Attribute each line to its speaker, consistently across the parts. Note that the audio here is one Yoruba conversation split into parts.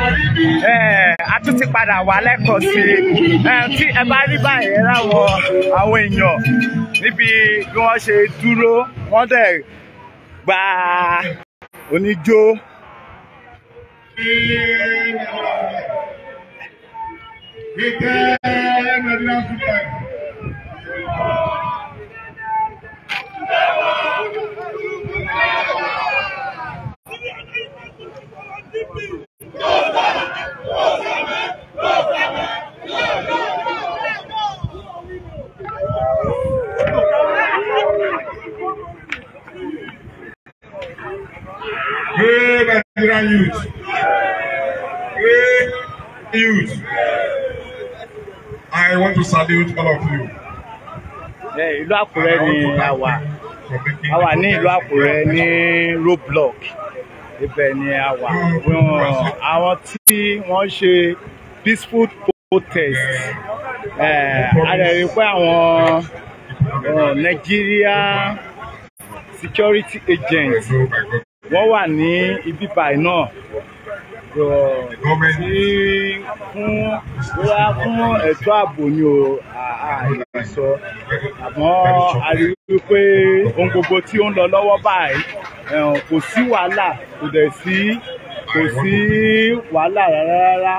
Speaker 1: a tún ti padà wá lẹ́kọ̀ọ́ sí tí ẹ bá rí báyìí láwọn àwọn èèyàn níbi bí wọ́n ṣe dúró wọ́n dẹ̀ gba oníjó.
Speaker 2: Thank you. Good
Speaker 1: Nigerian youth. Good youth. I want to salute all of you. Ìlú Àkúrẹ́ ni a wà. A wà ní ìlú Àkúrẹ́ ní roadblock ibẹ̀ ni a wà àwọn tí wọ́n ṣe peaceful protest a lè rí pé àwọn Nigeria security agents wọ́n wà ní ibi báyìí náà fún bóyá fún ẹ̀tọ́ ààbò ni o àìlè sọ àmọ́ a rí i pé ohun gbogbo tí ó ń lọ lọ́wọ́ báyìí kò sí wàhálà kò dẹ̀ sí kò sí wàhálà rárá rárá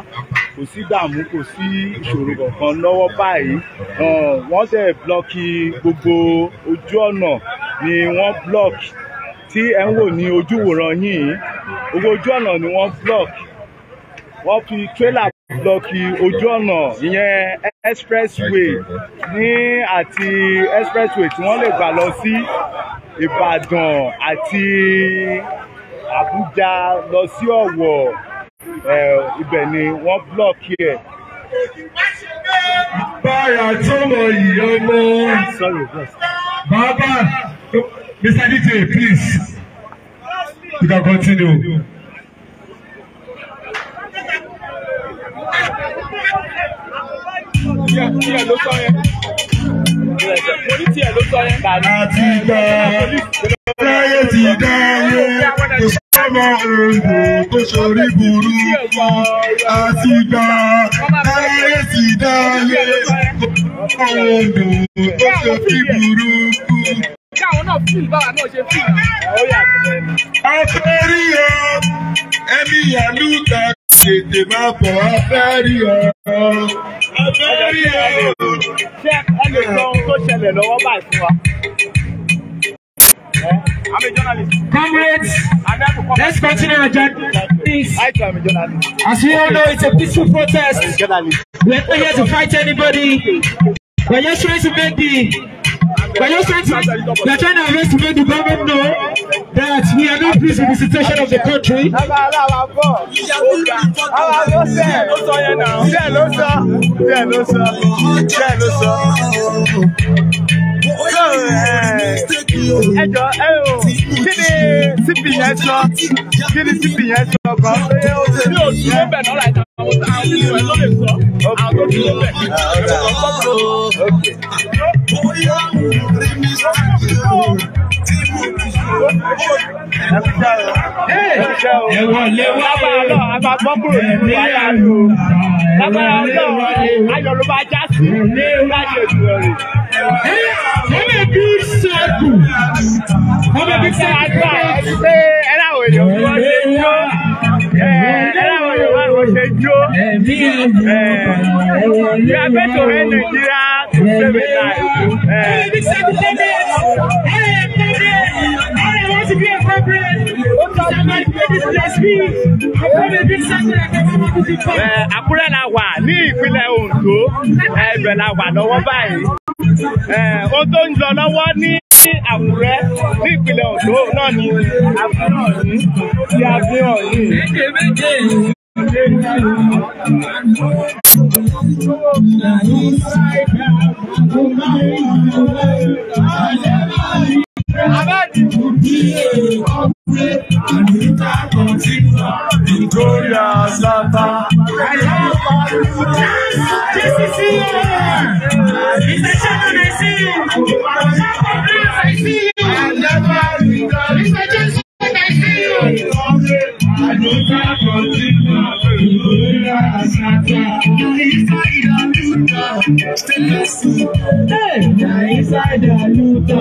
Speaker 1: kò sí dààmú kò sí ìṣòro kankan lọ́wọ́ báyìí wọ́n dẹ̀ blọ́ọ̀kì gbogbo ojú ọ̀nà ni wọ́n blọ́ọ̀kì tí ẹ ń wò ní ojúwòran yìí owó ojú ọ̀nà ni wọ́n block wọ́n fi trailer block ojú ọ̀nà ìyẹn expressway ní àti expressway tí wọ́n lè gbà lọ sí Ìbàdàn àti Àbújá lọ sí Ọ̀wọ̀ ibẹ̀ ni wọ́n block ẹ̀. báyà tó ìyá ọmọ bàbá Mr DJ please. You can continue.
Speaker 2: Àti
Speaker 3: gbà
Speaker 1: láyé ti dáyé kò sọ́mọ òǹdò tó sọrí burú. Àti gbà láyé ti dáyé kò sọ́mọ òǹdò tó sọrí burú kí àwọn náà fìlì báwa náà ṣe fìlì. afẹ́rí ọ ẹbí ìyàlú ta tètè máa bọ̀ afẹ́rí ọ. afẹ́rí ọ. ṣé ẹ lè sọ ohun tó ṣẹlẹ̀ lọ́wọ́ báyìí fún wa. a journalist. Comrades, let's continue our journey. As we all know, it's a peaceful protest. We're not here to fight anybody.
Speaker 3: We're just trying to make the
Speaker 1: Bayo Center,
Speaker 3: they're trying to arrest to make the government know
Speaker 1: that we are not pleased with the situation of the country. Yeah, no, sir. Yeah, no, sir. Yeah, no, sir ẹjọ ẹ o kí ni cp yẹn sọ kí ni cp yẹn sọ kan. mi ò dúró bẹ̀ náà láì tàbí àwọn àwọn ìlú ẹ̀ ló lè sọ àwọn tó dúró bẹ̀. bóyá mo rí mi sọ́kùnrin tí mo ti sọ ìwọlé wáyé agbábọ́kúrò ní ayọ̀ lágbára ọlọ́run ayọ̀ ló bá já sí láti ètò ẹ̀rì ọmọ ẹbí ṣẹ́kù ọmọ ẹbí ṣẹ́kù. ṣé ẹ láwọn èèyàn bí wọ́n ṣe jó ẹ láwọn èèyàn bí wọ́n ṣe jó you are better to help Nigeria to save a life.
Speaker 3: ẹbí ṣẹ́kù lẹ́lẹ̀ ẹ̀rẹ̀ ẹ̀rẹ̀ ẹ̀rẹ̀ wọ́n ti bí ẹ̀kọ́ bẹ́ẹ̀
Speaker 1: àkúrẹ́ la wà ní ìpínlẹ̀ Ondo ẹ̀bẹ̀ eh, la wà lọ́wọ́ báyìí ohun tó ń lọ lọ́wọ́ ní àkúrẹ́ ní ìpínlẹ̀ Ondo náà ni àfihàn yìí ti àfihàn yìí.
Speaker 2: Abẹ́ẹ̀dì
Speaker 3: kò bí i. Àṣà kò bí i. Àyà ọ̀pá i. Ìṣẹ̀ṣẹ̀
Speaker 1: tó lè i.
Speaker 2: Àdúrà kan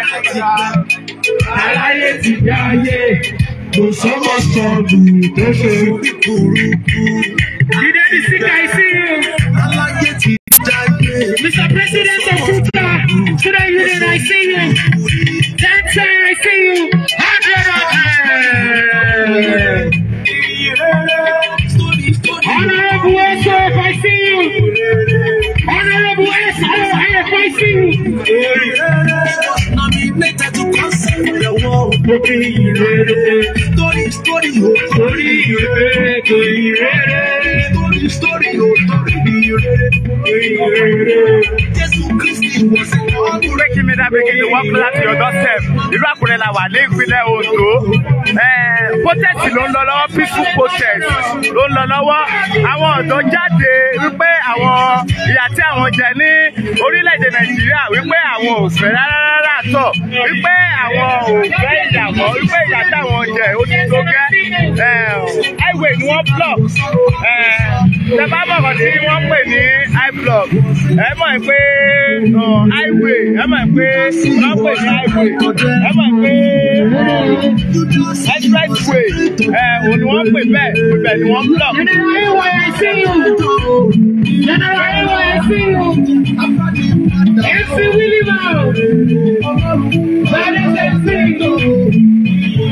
Speaker 1: ti gbà aláyé ti dá ayé kò sọ́mọ sọ̀dù tó ṣe kúrúkú.
Speaker 3: Jíde di síkà ìsí o. Aláyé ti dá ayé. Mr. President of Kuta, today you dey I see you. lókè ìrere torí sítórì ò torí ìrere kò ìrere torí sítórì ò torí ìrere kò ìrere. Jésù
Speaker 1: Kristi wọ̀ sí ọ̀run rẹ̀. Pékin mi dábẹ́ kí ni wọ́n fún láti ọ̀dọ́ SEB. Ìlú Àkúrẹ́ la wà ní ìpínlẹ̀ Ondo. Protest ló ń lọ lọ́wọ́ peaceful protest ló ń lọ lọ́wọ́. Àwọn ọ̀dọ́ jáde wípé àwọn ìyà tí àwọn jẹ ní orílẹ̀-èdè Nàìjíríà wípé àwọn ò fẹ́ sọ wípé àwọn ò fẹ́ ìyàwó wípé ìyà táwọn jẹ ó ti tó gẹ́ highway ni wọ́n block tẹ bá bọ̀ kàn sí wọ́n pè ní high block ẹ mọ̀ pé highway ẹ mọ̀ pé wọ́n pè ní highway ẹ mọ̀ pé express way ẹ òun ni wọ́n pè bẹ́ẹ̀ bẹ́ẹ̀ ni wọ́n block. General Ewa Ẹ̀sìn o.
Speaker 2: Ẹ̀sìn Wílímà o. Bẹ́ẹ̀ni Ẹ̀sìn o. Sẹ́nu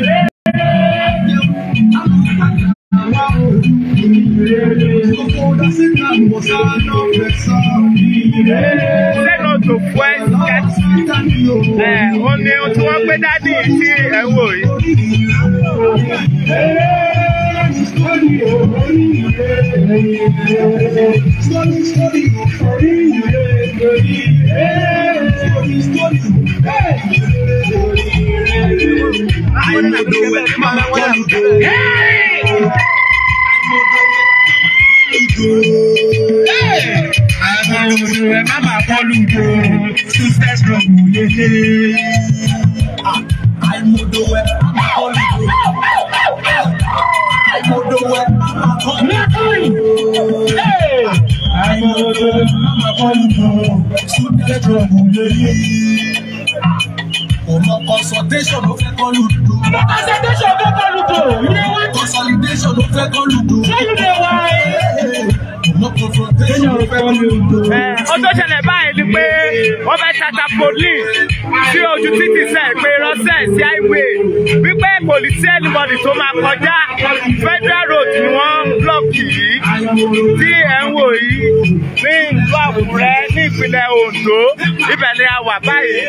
Speaker 1: tó fọ́ ẹ́ ẹ̀ ó ní ohun tí wọ́n gbé dádì sí ẹ̀wò yìí sọ́ọ̀dì òórí ìwé èyí èyí sọ́ọ̀dì sọ́ọ̀dì òórí ìwé èyí èyí sọ́ọ̀dì sọ́ọ̀dì òórí ìwé èyí.
Speaker 2: àìmọ̀dọ̀ wẹ̀ máa kọlu dò. àìmọ̀dọ̀
Speaker 1: wẹ̀ máa kọlu dò.
Speaker 3: sísẹ́ sọ̀rọ̀ lélẹ̀.
Speaker 1: yé kò consultation ló fẹ́ kọ́ lùdù. consultation fẹ́ kọ́ lùdù ilé wa. consolidation ló fẹ́ kọ́ lùdù. ṣé ilé wa ẹ. kò mọ confrontation ló fẹ́ kọ́ lùdù. ọjọ́ ṣẹlẹ̀ báyìí ni pé wọ́n fẹ́ ṣàtàpọ̀ lì sí ojú títì sẹ́ẹ̀pẹ́ ránṣẹ́ sí highway wípé kò lè sí anybody tó máa kọjá federal road ni wọ́n blọ́ọ̀kì yìí tí ẹ̀ ń wò yìí ní ìlú Àkúrẹ́ ní ìpínlẹ̀ Ondo ibẹ̀ ni a wà báyìí.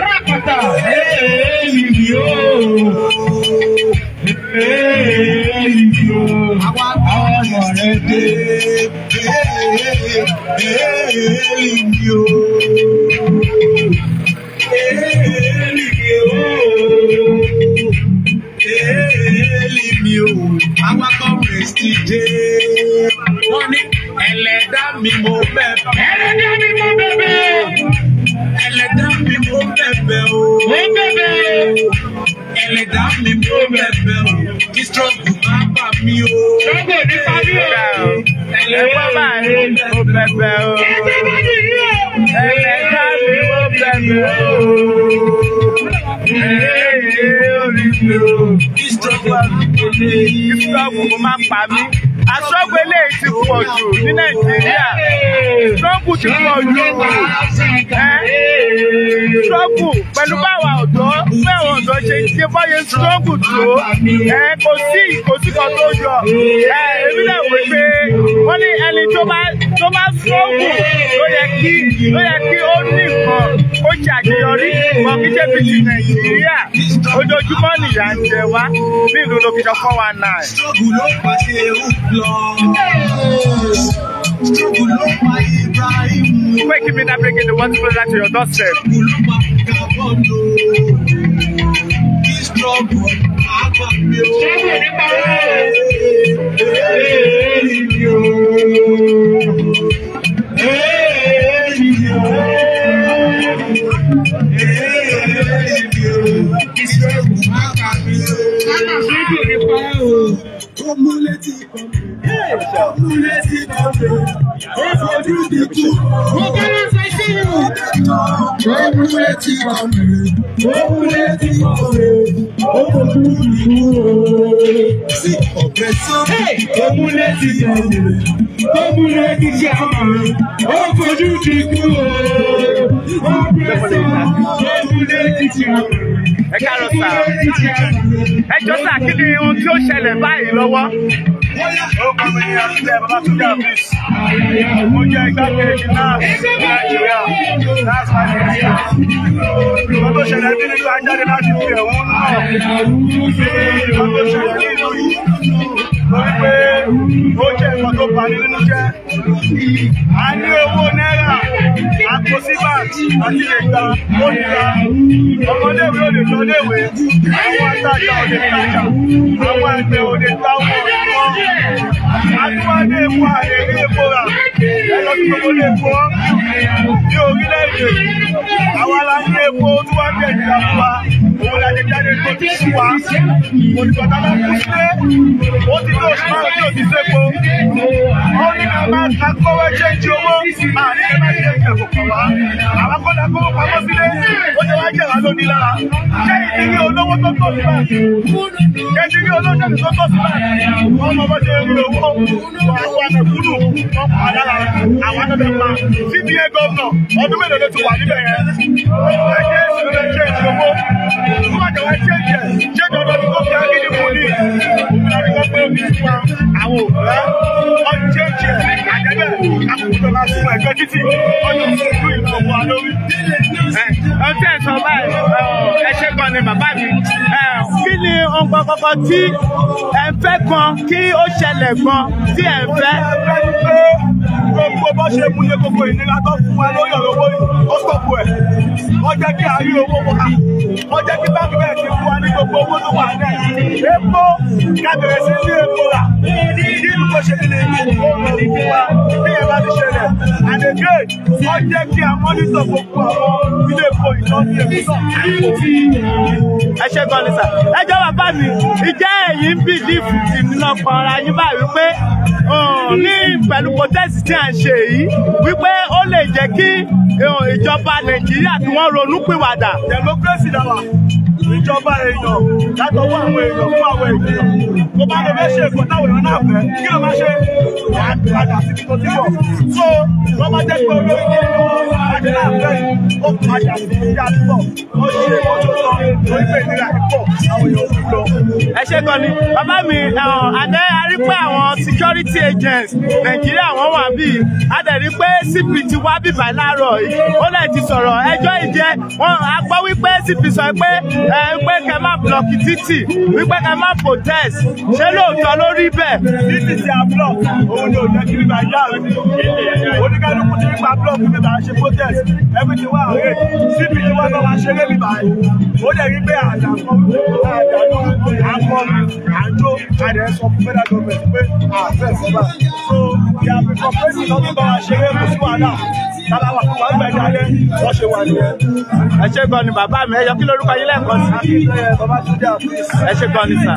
Speaker 1: rákàtà èyí ni ó èyí ni ó ọmọ rẹ dé. Ele, Ele, bẹ̀ o. Ẹlẹ́dàá mi ó bẹ̀ mi o. Èrè orí mi o. Ìṣòro àdúgbò ni ìfúráwù kò má pa mí pọ̀ jù ní nàìjíríà trọ́bù ti pọ̀ jù trọ́bù pẹ̀lú báwa ọ̀dọ́ báwọn ọ̀dọ́ ṣe ń ṣe bọ́yẹ trọ́bù tó kò sí kò sí kan tó yọ èmi náà wí pé wọ́n ní ẹni tó bá tó bá trọ́bù ló yẹ kí ló yẹ kí ó ní nǹkan ó ṣe àṣeyọrí wọn kì í ṣe bíi ti nàìjíríà ojoojúmọ́ nìyà ń jẹ wá nílùú lókìjọ four one nine. Quick, if you're not bringing the one spoon to your doorstep. Ọmọ létí ọmọ no ẹ jọ sà kí ni ohun tí ó ṣẹlẹ̀ báyìí lọ́wọ́ orúkọ mi ni àtúntẹ̀ Babátúndé Hafiz mo jẹ́ igbákejì náà Nàìjíríà
Speaker 3: that's my name
Speaker 1: ìwọ tó ṣẹlẹ̀ bí nílùú ajáde láti fi ẹ̀wọ̀n náà ìwọ tó ṣẹlẹ̀ ní ìlú
Speaker 2: yìí
Speaker 1: lórí pé ó jẹ́ nǹkan tó bani nínú jẹ́
Speaker 2: a ní owó náírà àpò síbàt àti ìgbà òdìgbà
Speaker 1: ọmọdéwé ò lè lọ àwọn àtàjà ò lè àwọn àgbẹ̀ ò táwọn epo àlè rí epo rà ẹ lọ sí gbogbo ilé epo ní orílẹ̀-èdè àwa la ní epo tí wọ́n jẹ́ ìjà fún wa òun la jẹ jáde tó ti sú wa olùkọ́ta ló kú sílé ó ti tó oṣù márùn-ún tí ò ti sépo ó ní ká máa ta kọ́wé jẹ́ǹjì owó àní ká máa jẹ́ ìjẹ̀kọ̀ kọ̀ wá àwọn akọ́dà kọ́wọ́ pamọ́ sílé ó jẹ́ wá jẹ̀rà lónìí lára ṣé ìdílé olówó tó tó sí báyìí ṣé ìdílé olóṣèlú tó tó sí báyìí wọ́n mọ bọ́ ṣe wo amẹ̀kúnnù wọn àwọn tó fẹ́ pa cba ọdún mélòó ló ti wà níbẹ̀ yẹn ẹgbẹ́ ìṣèlú rẹ̀ ṣe ìṣòwò wọ́n bá jẹ́ wọ́n ṣe jẹ́ ṣé dandan ni kò fi agídí mú ní òmìnira ni wọ́n pé omi fún àwọn òbúrá wọ́n ṣe jẹ́ àjẹ́bẹ̀ àkókò máa sún ẹgbẹ́ títì ọdún tó ń dún ìlú wa lórí. ọtí ẹ ẹ ṣe gan ni bàbá mi kí ni ohun kọkọkọ tí ẹ fẹ́ gan kí ó ṣẹlẹ̀ gan tí ẹ fẹ́. fẹ́. gbogbo bó ṣe mú lé gbogbo ìnira tó fún wa lórí ọ̀rọ̀ owó yìí ó sọ̀kù ẹ̀ wọ́n kí àárín owó wa wọ́n jẹ́ kí báńkì bẹ́ẹ̀ ti fún wa ní gbogbo owó tó wà náà epo kábẹ̀rẹ̀ sí ní epo rà nínú bó ṣe lè ní òòrùn fún wa bí ẹ bá ti ṣẹlẹ̀ àdèké wọ́n kí a mọ́nítọ̀ gbogbo àwọn ilé epo ìtọ́jú epo náà. ẹ ṣe gan ni ẹ jọ bàbá mi ìjẹ́ ẹ̀yìn bìdí fìtì nínú ọkàn ara yín báyìí pé ní pẹ̀lú protest protest tí à ń ṣe yìí wípé ó lè jẹ́ kí eh, ìjọba nàìjíríà kí wọ́n ronú pìwàdà. democracy dàwà ìjọba èèyàn látọwọ́ àwọn èèyàn fún àwọn èèyàn tó bá lè fẹ́ ṣe nǹkan táwọn èèyàn náà fẹ́ kí ló máa ṣe àdá síbi tó ti bọ̀ so wọ́n máa jẹ́ pé olórí ní ìlú àti náà fẹ́ ó padà sí ibi àdúgbò ó ṣe ọjọ́ sọ lórí pé ìnira pọ̀ àwọn èèyàn ń lọ. ẹ ṣe kàn ní bàbá mi àdé arí pé àwọn security agents nàìjíríà wọ́n wà bíi adẹ̀rí pé cp ti wá bíbá láàárọ̀ yìí ó lè ti sọ̀rọ̀ ẹjọ́ ìjẹ́ wọn a gbọ́ wípé cp sọ pé ẹ pé kẹ má blọọkì títì wípé kẹ má protest ṣé lóòótọ́ ló rí bẹ́ẹ̀. títì tí a block òun ni òjò kiri bá yá rẹ oníkálukú ti nípa block nípa ṣe protest everything wà rẹ síbi ni wọn bá wá ṣeré bíbá yìí ó dẹ̀ rí pé àdàkọ́ àdàkọ́ àkọ́rí àjò àdẹ̀ sọ fún federal government pé àfẹ́ sọ́ba so ìyàbí kọ́pẹ́sì lọ́dún bá wa ṣeré kò sí wàhálà bàbá wa kò máa ń gbẹ̀dá lé wọ́n ṣe wà nìyẹn. ẹ ṣe gan ni bàbá mi ẹ kí lórúkọ yín lẹ́ẹ̀kan sí. ẹ ṣe gan ni sà.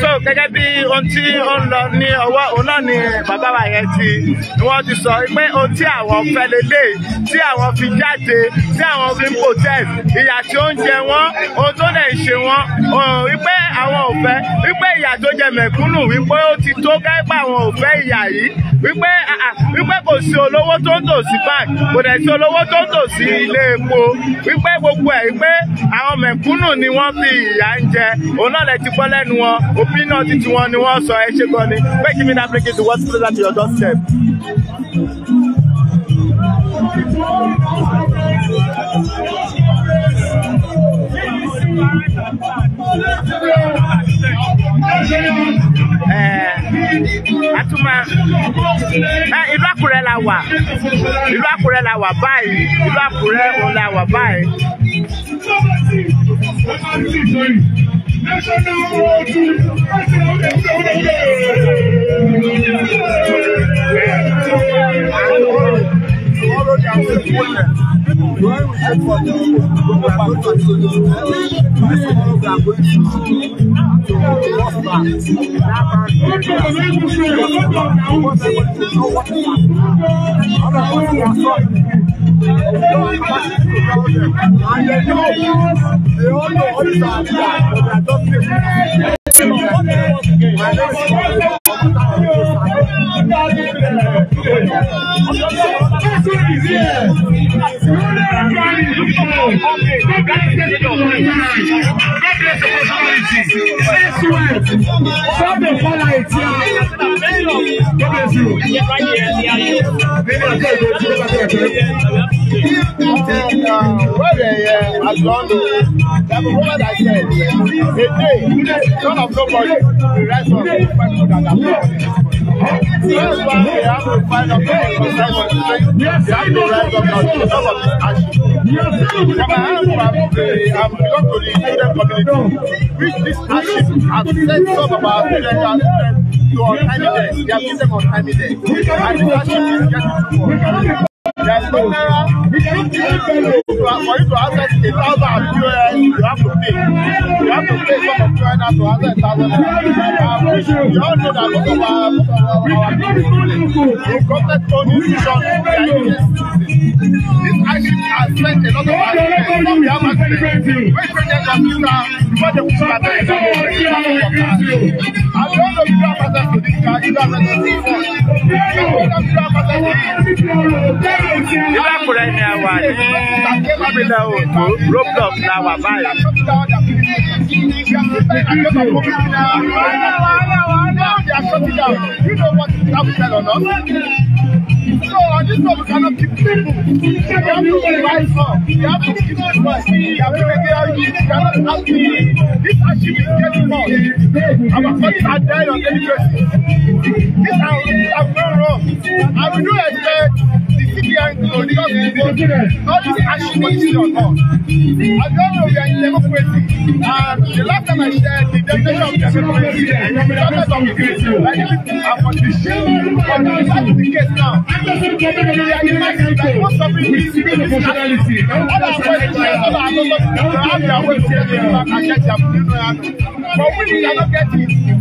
Speaker 1: so gẹ́gẹ́ bí ohun tí ó ń lọ ní ọwọ́ òun náà ni bàbá wa yẹn ti ni wọ́n ti sọ pé ohun tí àwọn fẹ́ lélẹ̀ tí àwọn fi jáde tí àwọn fi ń protest ìyà tí ó ń jẹ wọ́n ohun tó dẹ̀ ṣe wọ́n wípé àwọn ò fẹ́ wípé ìyà tó jẹ mẹ̀kúnnù wípé ó ti tó káípa àwọn ò fẹ́ ìyà yìí wípé wípé kò sí olówó tó ń tò sí bank kò dẹ̀ sí olówó tó ń tò sí ilé epo wípé gbogbo ẹ̀ wípé àwọn mẹ̀kúnnù ni wọ́n fi ìyà ń jẹ òun náà lẹ ti gbọ́ lẹ́nu wọn òbí náà ti tiwọn ni wọ́n sọ ẹ ṣe gan ni pé kí mi dá pé kí n ti wọ́n sí closer to your doorstep.
Speaker 2: Thank you.
Speaker 1: Eh, atụma eh, ìlú akwụrụ la wà Ilu akwụrụ la wà báyìí ìlú wà going to do tomorrow they are going to do. win them. When we take for the people, we
Speaker 3: are going to do tomorrow we are going to prosper. Now, what they going to do. going
Speaker 2: to know what is happening. Other people are
Speaker 3: sorry. They to do what is happening, but they are just to do. is Nobody, the
Speaker 1: rest of the people that are That's why we have to find a place for them. Yes, I know that of the top of this action. From my hand, I'm belong to the student community, which this action has set some of our students to untimely death. They have given them untimely death. And the action is getting support. There's no naira. For you to access a thousand POS, you have to pay. You have to pay some of to access a thousand naira. You all know that most of our most of our government owned institutions this. This has spent a lot of our We have accidents. When president was minister, before they put back the government, I don't you have have access you nínú Àkúrẹ́ ni a wà ní gómìnà Oǹdó roadblock la wà báyìí. So on this one, we cannot keep people. We have to rise up. We have to keep this one. We have to make it We cannot have to. This action is getting lost. Our families are dying on daily basis. This is our no wrong. I will not expect people are included God is actually on God. I don't know we are in democracy. And the last time I shared the definition of democracy, the government of democracy, I think I'm on the show. But that is the case now. We are united like most of the nationality. All our questions, all our numbers, they have their way to get the impact and get their freedom. But we cannot get it.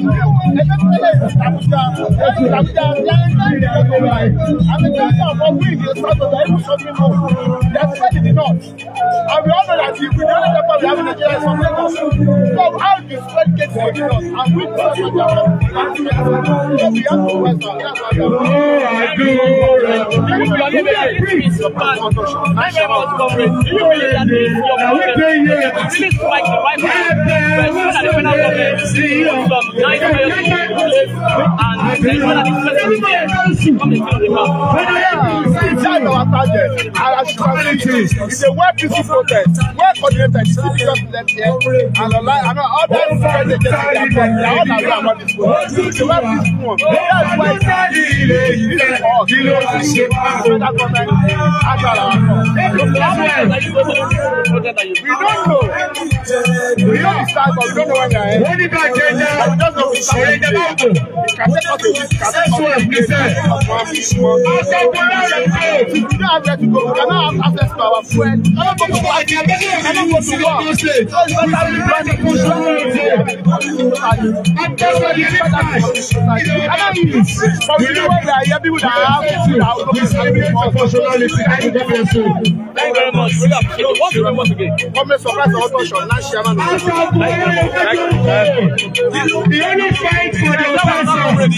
Speaker 1: And the Johnson that you spread gates to the And we cross nice
Speaker 3: and there's one that is Inside our
Speaker 1: target, our communities is a well peaceful protest, well coordinated, citizens left here, and online, and all that is present in their all around this world. The well peaceful one. That's why this is for us. This is for the government. We don't We don't start, but we don't know when you're here. Only God change it. We just know we start. That's what we said. If we don't have where to go, we cannot have access to our friends. I don't go to work. I don't go to work. I'm just ready to I don't use. But we know when you're here, people that have food, I will go to the Thank you very much. What's the name once again? Come here, surprise, auto show, last chairman. You only fight for your person.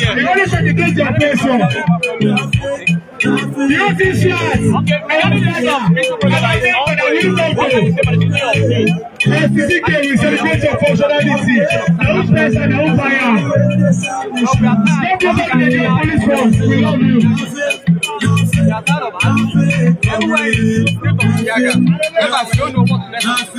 Speaker 1: You only segregate your person. You this last. I am Physique,
Speaker 2: we celebrate your functionality. No stress and no fire.
Speaker 3: Don't go back to the police force. We love you. Everybody, don't know what the next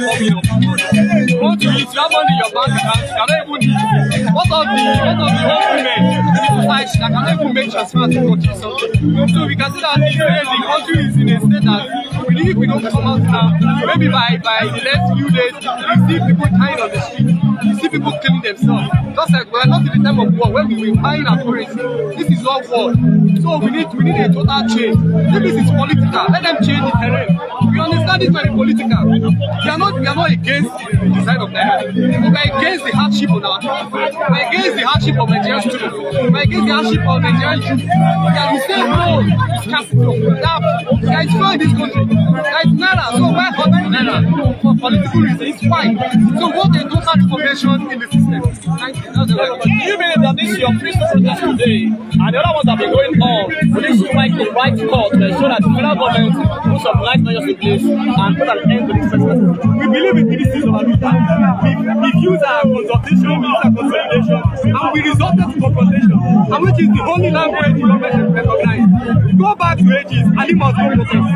Speaker 3: want to eat, you money your bank account, you cannot even eat. What of the what of the old women in the society that cannot even make transfer to purchase something? So we can see that the country is in a state that we need. we don't come out now, maybe by by the next few days, we see people dying on the street. You see people killing themselves. Just like we are not in the time of war where we were buying our currency. This is not war. So we need we need a total change. If this is political, let them change the terrain. We understand it's very political. We are not we are not against the design of Nigeria. We are against the hardship of our country. We are against the hardship of Nigerian students. We are against the hardship of Nigerian youth. we are no to scarcity of that. There is no this country. There is naira. So why not naira? For political reasons, fine. So what they do not for me innovation in the system. Thank you. That's Do you believe that this your peace protest today and the other ones have been going on will to fight the right cause uh, so that the federal government puts some right measures in place and put an end to this protest? We believe in the decision of our leader. We, we use our consultation, we use our consolidation will be resorted to confrontation, and which is the only language the government recognized. Go back to ages, Ali must go protest.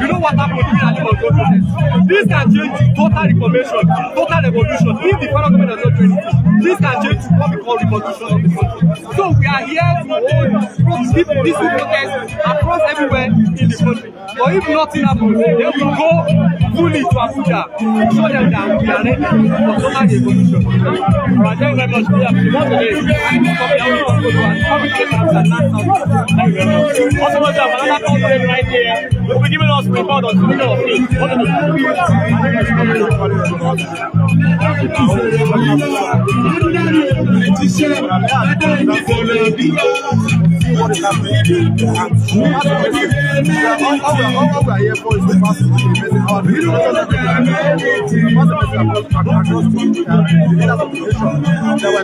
Speaker 3: You know what happened during Ali must go protest. This can change to total reformation, total revolution. If the federal government does not do anything, this can change to what we call revolution of the country. So we are here to hold peaceful protest across everywhere in the country. But if nothing happens, then we will go fully to Abuja to show them that we are ready for total revolution. All right, thank you very much. We'll be giving us report on the middle of it.
Speaker 1: What is happening? There were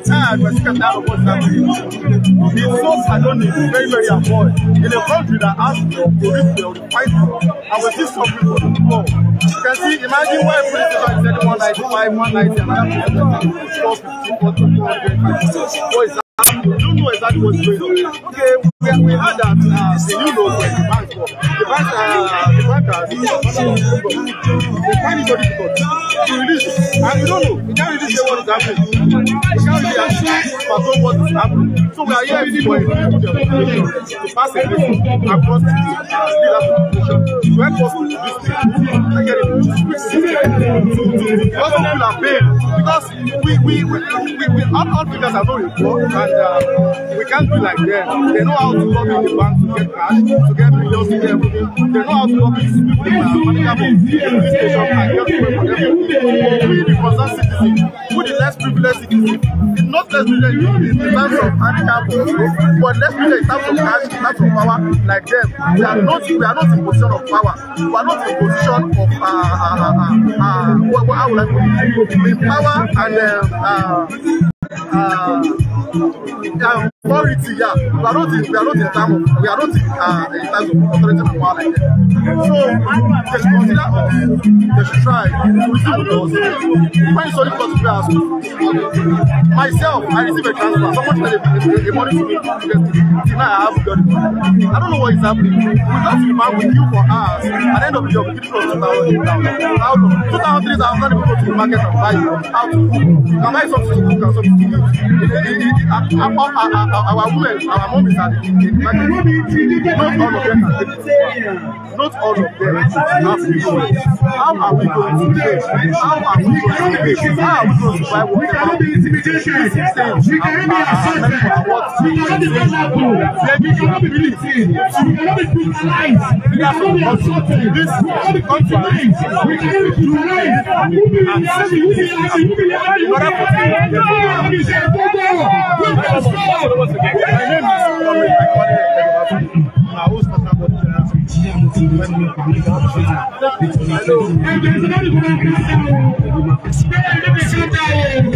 Speaker 1: times when second time was happening. He's so sardonic, very, very avoid. In a country that asked for police to fight for, I was just suffering for the floor. You can see, imagine why police are saying 195, 190, and I have to get 450, 450, 450 don't know exactly what's going on. Okay, we, we heard that uh, the new laws were the bank The bank, uh, the bank has, uh, the bank is so difficult to release. And you don't know, you can't really say what is happening. You can't really assume for so what is happening. So we are here for a to pass a bill across the state to help us to this thing. Again, to also feel our pain because we we we we, we our Africans are not involved and uh, we can't be like them. They know how to lobby the bank to get cash, to get millions, to get everything. They know how to lobby these people in uh, Manila, in this station, and get people for everything the concerned citizen, who the less privileged citizen, not less privileged in, terms of handicap, but less privileged in terms of cash, in terms of power, like them. We are not, we are not in position of power. We are not in position of, uh, uh, uh, uh, what, what, how would I put it? In power and, uh, uh, uh, um, authority, yeah. We are not in, we are not in time of, we are not in, uh, in terms of authority and power like that. So, they should consider they should try to listen to us. When it's only because we myself, I receive a transfer, someone paid a, a, a money to me yesterday. now I have got it. I don't know what is happening. We just demand with you for hours. At the end of the year, we give you 2,000 How long? 2,000, 3,000 people to the market and buy how to Can I something to cook and something to eat our women, our mothers are in the market. Not all of them are different. Not all of them have issues. How are we going to change? How are we going to change? How are we going to survive what we have? We cannot be intimidation. We cannot be believed. We cannot be brutalized. We cannot be assaulted. We cannot
Speaker 3: be compromised. We cannot be brutalized. Humiliated, humiliated, humiliated.
Speaker 1: What happened? once again. My name is Omri Akwale I host Master Body Therapy.
Speaker 2: I know.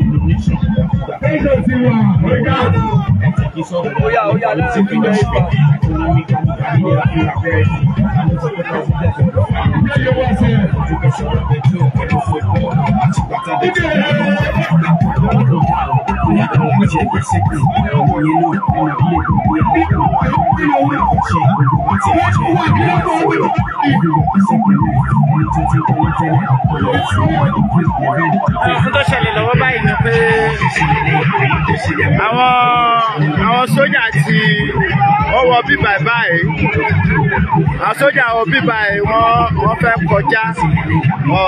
Speaker 2: Oya oya lára ìpínlẹ̀ Ifẹ̀. Ìdílé ohun
Speaker 1: tó ṣẹlẹ̀ lọ́wọ́ báyìí ni pé àwọn àwọn sójà ti ọwọ́ bíbà báyìí àwọn sójà ọwọ́ bíbà yìí wọ́n wọ́n fẹ́ kọjá ọ̀.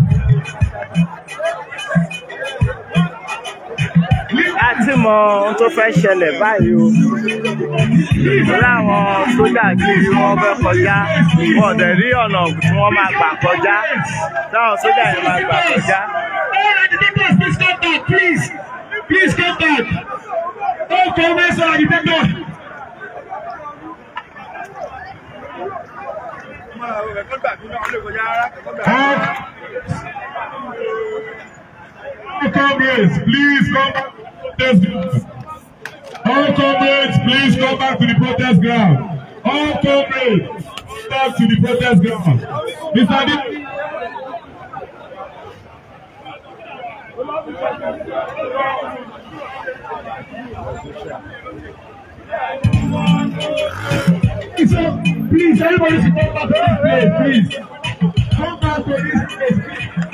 Speaker 1: mọ ohun tó fẹ́ ṣẹlẹ̀ báyìí o láwọn sójà kiri wọn fẹ́ kọjá wọn ò dẹ̀ rí ọ̀nà tí wọ́n máa gbà kọjá láwọn sójà yẹn máa gbà kọjá.
Speaker 3: Please, please come back.
Speaker 1: Don't come back, sir. come back. Come. Come, yes. Please come back protest ground. All comrades, please come back to the protest ground. All comrades, come back to the protest ground. Mr. D. So, uh, please, everybody should come back to this place, please. Come back to this place, please.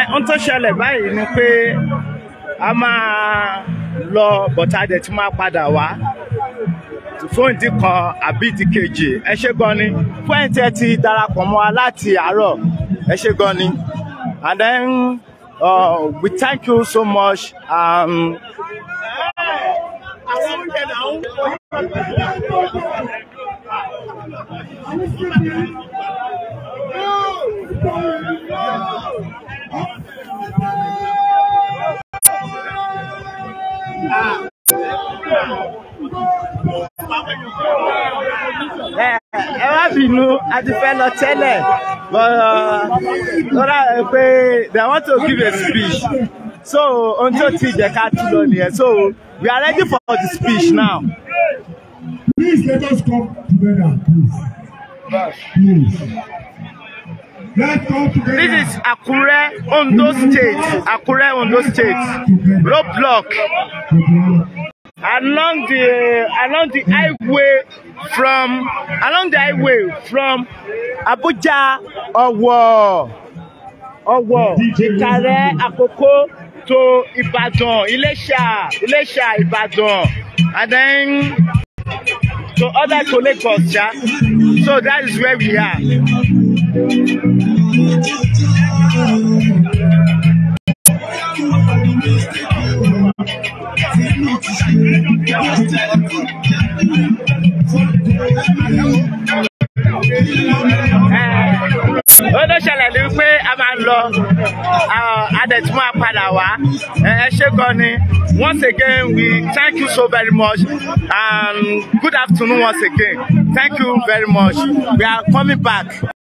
Speaker 1: ẹ ohun tó ṣẹlẹ̀ báyìí ni pé a máa lọ bọ̀tà dẹ̀ tí máa padà wá fún ìdí kan àbí ìdí kejì ẹ ṣé gan ni fún ẹ ti darapọ̀ mọ́ wa láti àárọ̀ ẹ ṣé gan ni and then uh, we thank you so much. Um,
Speaker 2: Thank you.
Speaker 1: a ti fẹ́ lọ tẹ́lẹ̀ lọ́la uh, uh, pé they want to give a speech so ohun tí ó ti jẹ́ ká tún lọ nìyẹn so we are ready for the speech now. Please let us come together, please. Please. Let's come together. This is Akure Ondo State. Akure Ondo State. Roadblock along the along the highway from along the highway from Abuja Owo Owo Ikare Akoko to Ibadan Ilesha Ilesha Ibadan and then to other to Lagos ja so that is where we are
Speaker 2: olóṣèlè
Speaker 1: ni pé a máa lọ adẹ̀túmọ̀ apàdà wá ẹ ṣé gan ni once again we thank you so very much and good afternoon once again thank you very much we are coming back.